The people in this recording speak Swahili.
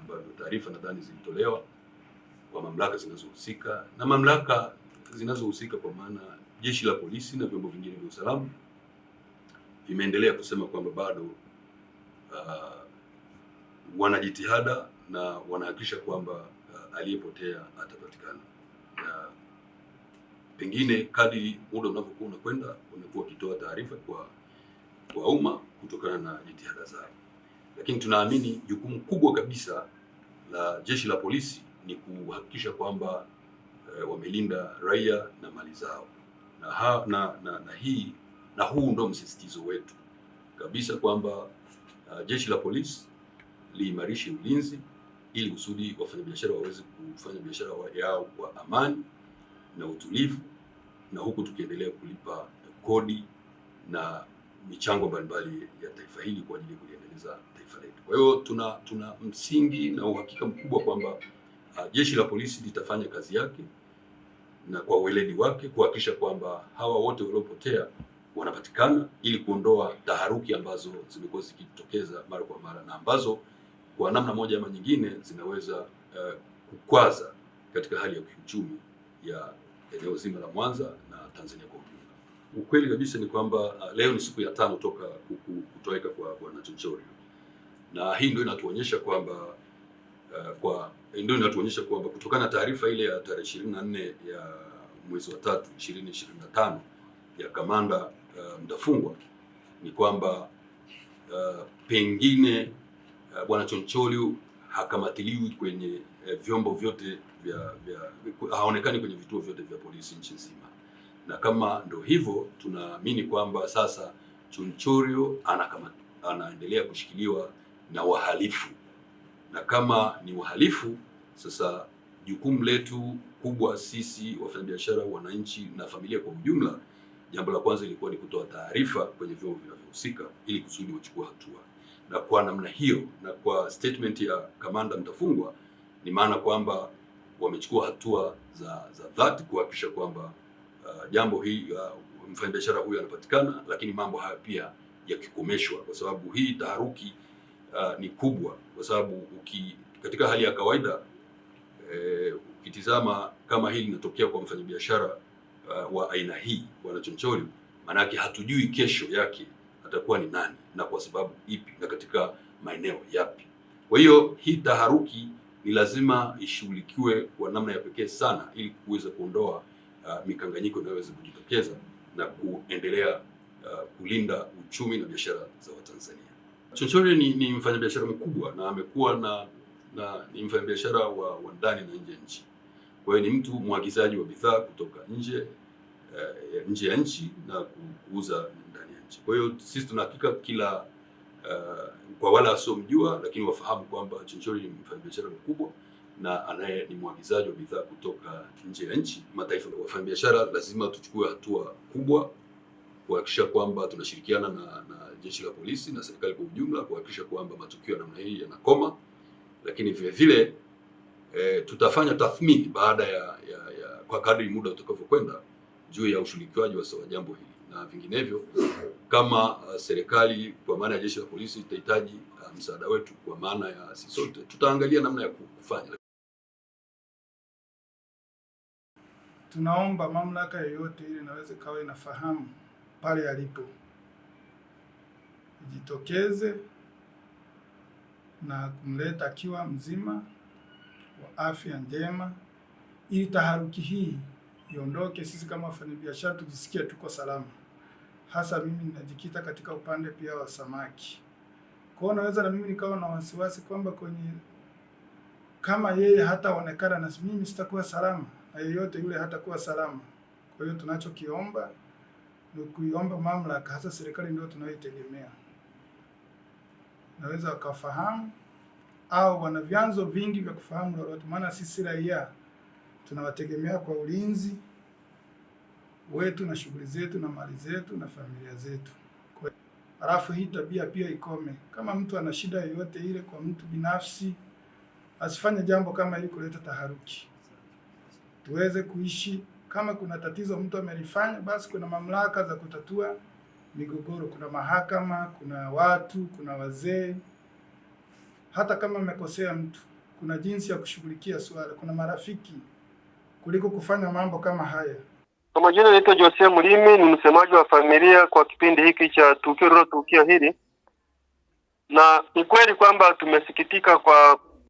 ambayo ndio taarifa nadhani zilitolewa kwa mamlaka zinazohusika na mamlaka zinazohusika kwa maana jeshi la polisi na vyombo vingine vya usalama imeendelea kusema kwamba bado uh, wanajitihada na wanahakikisha kwamba uh, aliyepotea atapatikana, na pengine kadri muda unavyokuwa unakwenda wamekuwa wakitoa taarifa kwa kwa umma kutokana na jitihada zao. Lakini tunaamini jukumu kubwa kabisa la jeshi la polisi ni kuhakikisha kwamba e, wamelinda raia na mali zao na, ha, na, na, na, hii, na huu ndo msisitizo wetu kabisa kwamba uh, jeshi la polisi liimarishe ulinzi ili kusudi wafanyabiashara waweze kufanya biashara yao kwa amani na utulivu, na huku tukiendelea kulipa kodi na michango mbalimbali ya taifa hili kwa ajili ya kuliendeleza taifa letu. Kwa hiyo tuna tuna msingi na uhakika mkubwa kwamba uh, jeshi la polisi litafanya kazi yake na kwa ueledi wake kuhakikisha kwamba hawa wote waliopotea wanapatikana ili kuondoa taharuki ambazo zimekuwa zikitokeza mara kwa mara na ambazo kwa namna moja ama nyingine zinaweza uh, kukwaza katika hali ya kiuchumi ya eneo zima la Mwanza na Tanzania kwa ujumla. Ukweli kabisa ni kwamba uh, leo ni siku ya tano toka kutoweka kwa Bwana Chenchori, na hii ndio inatuonyesha kwamba uh, kwa ndio inatuonyesha kwamba kutokana na taarifa ile ya tarehe ishirini na nne ya mwezi wa tatu ishirini ishirini na tano ya kamanda uh, Mtafungwa ni kwamba uh, pengine uh, Bwana Choncholiu hakamatiliwi kwenye uh, vyombo vyote vya, vya haonekani kwenye vituo vyote vya polisi nchi nzima na kama ndo hivyo, tunaamini kwamba sasa Chunchurio anakama, anaendelea kushikiliwa na wahalifu, na kama ni wahalifu sasa jukumu letu kubwa sisi wafanyabiashara, wananchi na familia kwa ujumla, jambo la kwanza ilikuwa ni kutoa taarifa kwenye vyombo vinavyohusika ili kusudi wachukua hatua, na kwa namna hiyo na kwa statement ya kamanda Mtafungwa ni maana kwamba wamechukua hatua za za dhati kuhakikisha kwamba uh, jambo hili uh, mfanyabiashara huyu anapatikana, lakini mambo haya pia yakikomeshwa, kwa sababu hii taharuki uh, ni kubwa, kwa sababu uki, katika hali ya kawaida eh, ukitizama kama hili linatokea kwa mfanyabiashara uh, wa aina hii Bwana Chonchori, maanake hatujui kesho yake atakuwa ni nani na kwa sababu ipi na katika maeneo yapi. Kwa hiyo hii taharuki ni lazima ishughulikiwe kwa namna ya pekee sana ili kuweza kuondoa uh, mikanganyiko inayoweza kujitokeza na kuendelea uh, kulinda uchumi na biashara za Watanzania. Chonchore ni, ni mfanyabiashara mkubwa na amekuwa na, na ni mfanyabiashara wa, wa ndani na nje ya nchi. Kwa hiyo ni mtu mwagizaji wa bidhaa kutoka nje uh, nje ya nchi na kuuza ndani ya nchi. Kwa hiyo sisi tunahakika kila uh, kwa wale wasiomjua, lakini wafahamu kwamba Chonchore ni mfanyabiashara mkubwa na anaye ni mwagizaji wa bidhaa kutoka nje ya nchi mataifa. Wafanyabiashara lazima tuchukue hatua kubwa kuhakikisha kwamba tunashirikiana na, na jeshi la polisi na serikali kwa ujumla kuhakikisha kwamba matukio ya namna hii yanakoma, lakini vile vile e, tutafanya tathmini baada ya, ya, ya kwa kadri muda utakavyokwenda juu ya ushirikiaji wa jambo hili na vinginevyo, kama uh, serikali kwa maana ya jeshi la polisi itahitaji uh, msaada wetu kwa maana ya sisi sote tutaangalia namna ya kufanya. Tunaomba mamlaka yoyote ile inaweza ikawa inafahamu pale alipo, ijitokeze na kumleta akiwa mzima wa afya njema, ili taharuki hii iondoke. Sisi kama wafanyabiashara tujisikie tuko salama, hasa mimi ninajikita katika upande pia wa samaki. Kwa hiyo naweza na mimi nikawa na wasiwasi kwamba kwenye kama yeye hataonekana na mimi sitakuwa salama na yeyote yule hatakuwa salama. Kwa hiyo tunachokiomba ni kuiomba mamlaka, hasa serikali ndio tunayoitegemea, naweza wakafahamu au wana vyanzo vingi vya kufahamu lolote, maana sisi raia tunawategemea kwa ulinzi wetu na shughuli zetu na mali zetu na familia zetu. Halafu hii tabia pia ikome. Kama mtu ana shida yoyote ile kwa mtu binafsi, asifanye jambo kama ili kuleta taharuki tuweze kuishi. Kama kuna tatizo mtu amelifanya, basi kuna mamlaka za kutatua migogoro, kuna mahakama, kuna watu, kuna wazee. Hata kama amekosea mtu, kuna jinsi ya kushughulikia suala, kuna marafiki, kuliko kufanya mambo kama haya. Kwa majina anaitwa Jose Mlimi, ni msemaji wa familia kwa kipindi hiki cha tukio lilo hili, na ni kweli kwamba tumesikitika kwa